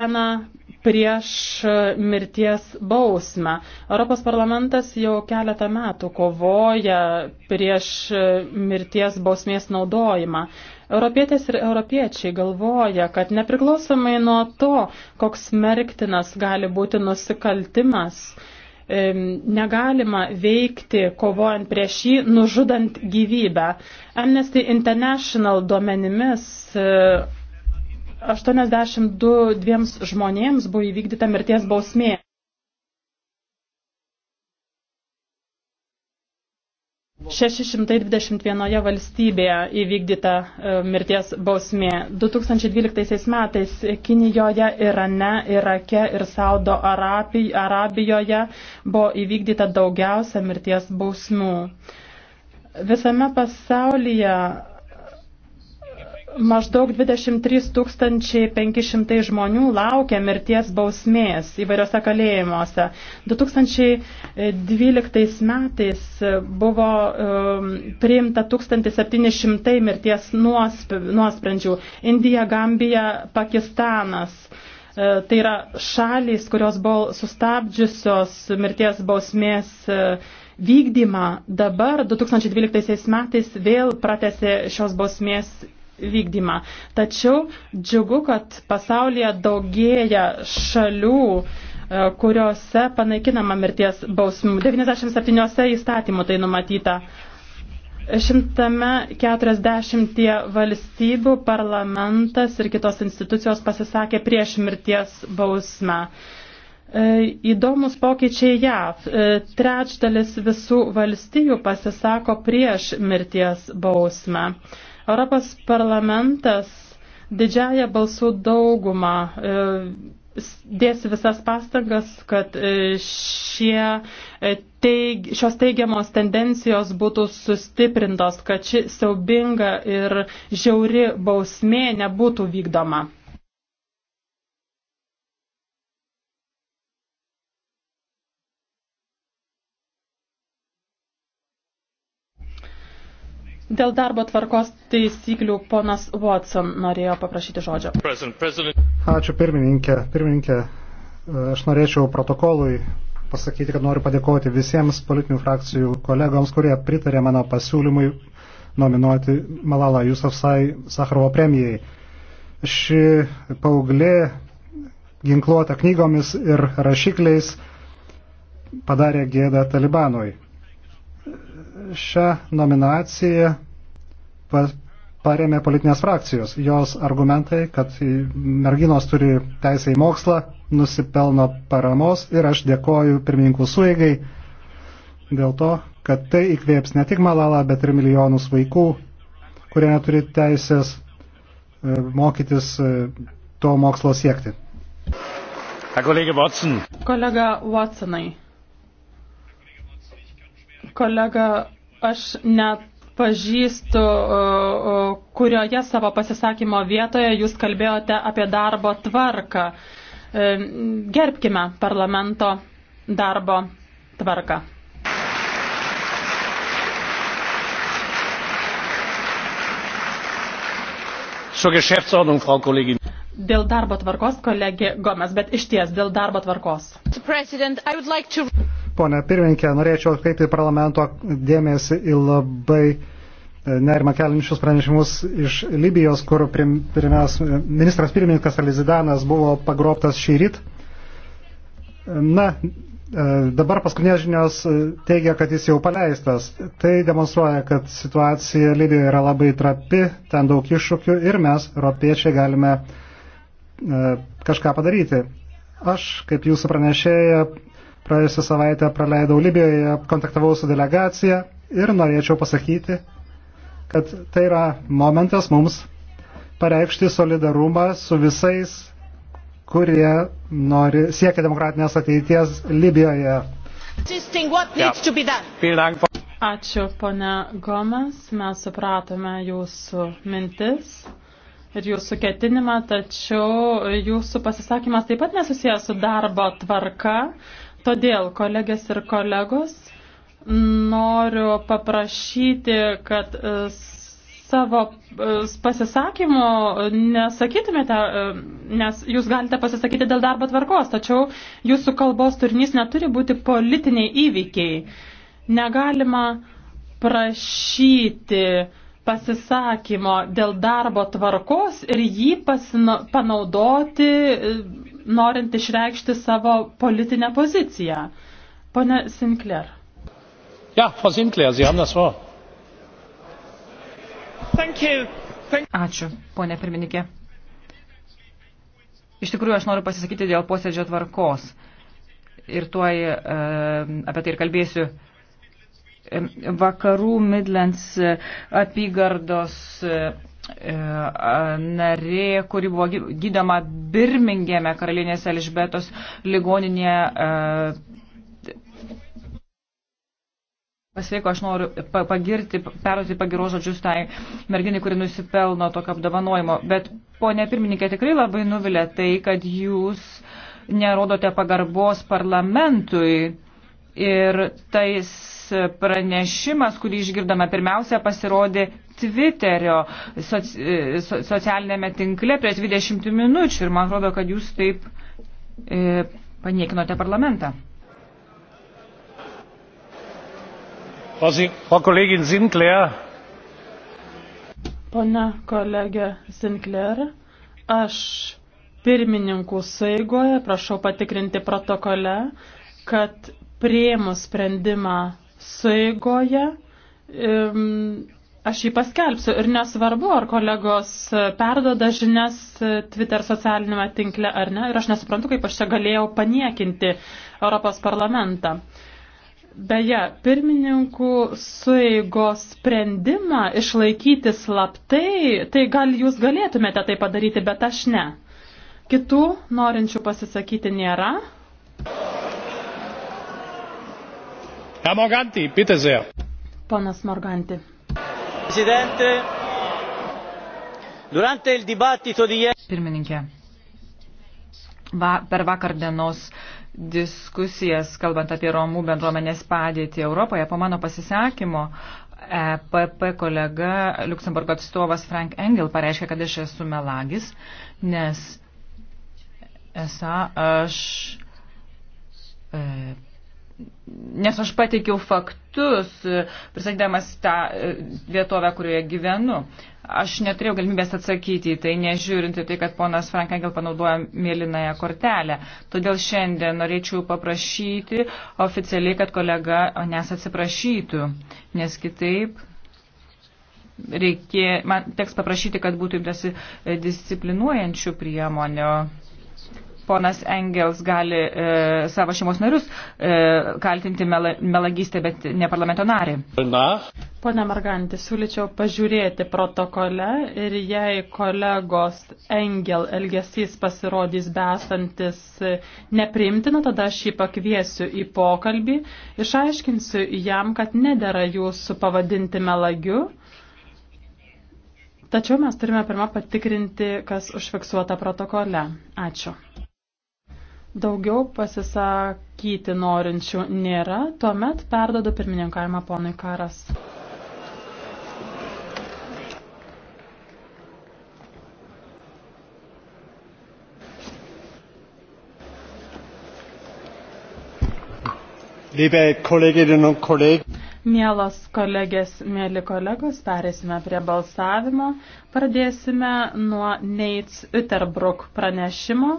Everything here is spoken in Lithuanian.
dieną prieš e, mirties bausmę. Europos parlamentas jau keletą metų kovoja prieš e, mirties bausmės naudojimą. Europietės ir europiečiai galvoja, kad nepriklausomai nuo to, koks smerktinas gali būti nusikaltimas, negalima veikti, kovojant prieš jį, nužudant gyvybę. Amnesty International duomenimis e, 82 dviems žmonėms buvo įvykdyta mirties bausmė. Šeši šimtai dvidešimt vienoje valstybėje įvykdyta e, mirties bausmė. 2012 metais Kinijoje, Irane, Irake ir Saudo Arabijoje buvo įvykdyta daugiausia mirties bausmių. Visame pasaulyje Maždaug 23 500 žmonių laukia mirties bausmės įvairiose kalėjimuose. 2012 metais buvo um, priimta 1700 mirties nuosprendžių. Indija, Gambija, Pakistanas. E, tai yra šalys, kurios buvo sustabdžiusios mirties bausmės e, vykdymą dabar 2012 metais vėl pratėsi šios bausmės vykdymą. Tačiau džiugu, kad pasaulyje daugėja šalių, e, kuriuose panaikinama mirties bausmų. 97 įstatymų tai numatyta. 140 valstybių parlamentas ir kitos institucijos pasisakė prieš mirties bausmę. E, įdomus pokyčiai JAV. E, trečdalis visų valstybių pasisako prieš mirties bausmę. Europos parlamentas didžiają balsų daugumą e, dės visas pastangas, kad e, šie, e, teig, šios teigiamos tendencijos būtų sustiprintos, kad ši siaubinga ir žiauri bausmė nebūtų vykdoma. Dėl darbo tvarkos taisyklių ponas Watson norėjo paprašyti žodžio. Ačiū pirmininkė. Pirmininkė, aš norėčiau protokolui pasakyti, kad noriu padėkoti visiems politinių frakcijų kolegoms, kurie pritarė mano pasiūlymui nominuoti Malalą Jusafsai Sakarovo premijai. Ši paauglė ginkluota knygomis ir rašikliais padarė gėdą Talibanui šią nominaciją paremė politinės frakcijos. Jos argumentai, kad merginos turi teisę į mokslą, nusipelno paramos ir aš dėkoju pirmininkų suėgai dėl to, kad tai įkvėps ne tik Malalą, bet ir milijonus vaikų, kurie neturi teisės e, mokytis e, to mokslo siekti. Kolega Watsonai. Kolega, aš net pažįstu, kurioje savo pasisakymo vietoje jūs kalbėjote apie darbo tvarką. E, gerbkime parlamento darbo tvarką. Dėl darbo tvarkos, kolegė Gomes, bet išties dėl darbo tvarkos. Like to... Pone pirmininkė, norėčiau atkreipti parlamento dėmesį į labai e, nerima kelinčius pranešimus iš Libijos, kur pirmias, e, ministras pirmininkas Alizidanas buvo pagrobtas šį ryt. Na, e, dabar paskutinės žinios teigia, kad jis jau paleistas. Tai demonstruoja, kad situacija Libijoje yra labai trapi, ten daug iššūkių ir mes, europiečiai, galime kažką padaryti. Aš, kaip jūsų pranešėja, Praėjusią savaitę praleidau Libijoje, kontaktavau su delegacija ir norėčiau pasakyti, kad tai yra momentas mums pareikšti solidarumą su visais, kurie nori, siekia demokratinės ateities Libijoje. Ačiū, ponia Gomes, mes supratome jūsų mintis ir jūsų ketinimą, tačiau jūsų pasisakymas taip pat nesusijęs su darbo tvarka. Todėl, kolegės ir kolegos, noriu paprašyti, kad e, savo e, pasisakymų nesakytumėte, e, nes jūs galite pasisakyti dėl darbo tvarkos, tačiau jūsų kalbos turinys neturi būti politiniai įvykiai. Negalima prašyti pasisakymo dėl darbo tvarkos ir jį pasina, panaudoti norint išreikšti savo politinę poziciją. Pone Sinclair. Ja, Frau Sinclair, Sie haben das Wort. Thank you. Thank Ačiū, ponė pirmininkė. Iš tikrųjų, aš noriu pasisakyti dėl posėdžio tvarkos. Ir tuoj e, apie tai ir kalbėsiu. Vakarų Midlands apygardos. E, E, narė, kuri buvo gydama Birmingeme karalienės Elžbetos ligoninėje. E, pasveiko, aš noriu pagirti, perduoti pagiro žodžius tai merginai, kuri nusipelno tokio apdovanojimo. Bet, ponė pirmininkė, tikrai labai nuvilia tai, kad jūs nerodote pagarbos parlamentui ir tais pranešimas, kurį išgirdome, pirmiausia pasirodė Twitterio soci, e, socialinėme tinkle prieš 20 minučių ir man atrodo, kad jūs taip e, paniekinote parlamentą. Frau Kollegin Sinclair. Pone kolegė Sinclair, aš pirmininkų saigoje, prašau patikrinti protokole, kad prieimus sprendimą suigoje. Aš jį paskelbsiu ir nesvarbu, ar kolegos perdoda žinias Twitter socialinėme tinkle ar ne. Ir aš nesuprantu, kaip aš čia galėjau paniekinti Europos parlamentą. Beje, pirmininkų sueigos sprendimą išlaikyti slaptai, tai gal jūs galėtumėte tai padaryti, bet aš ne. Kitų norinčių pasisakyti nėra. Herr Morganti, bitte sehr. Ponas Morganti. Presidente, durante il dibattito di ieri. Pirmininkė. Va, per vakar dienos diskusijas, kalbant apie Romų bendruomenės padėtį Europoje, po mano pasisakymo EPP kolega Luxemburgo atstovas Frank Engel pareiškė, kad aš esu melagis, nes esą aš e, nes aš pateikiau faktus, prisakydamas tą e, vietovę, kurioje gyvenu. Aš neturėjau galimybės atsakyti į tai, nežiūrint į tai, kad ponas Frankengel panaudoja mėlynąją kortelę. Todėl šiandien norėčiau paprašyti oficialiai, kad kolega nes atsiprašytų, nes kitaip reikė, man teks paprašyti, kad būtų imtasi e, disciplinuojančių priemonių ponas Engels gali e, savo šeimos narius e, kaltinti mela, melagystę, bet ne parlamento narį. Na. Pone Margantį, siūlyčiau pažiūrėti protokole ir jei kolegos Engel elgesys pasirodys besantis nepriimtina, tada aš jį pakviesiu į pokalbį, išaiškinsiu jam, kad nedėra jūsų pavadinti melagiu. Tačiau mes turime pirmą patikrinti, kas užfiksuota protokole. Ačiū. Daugiau pasisakyti norinčių nėra, tuomet perdodu pirmininkavimą ponui Karas. Mielos kolegės, mėly kolegos, perėsime prie balsavimo. Pradėsime nuo Neits Uterbrook pranešimo.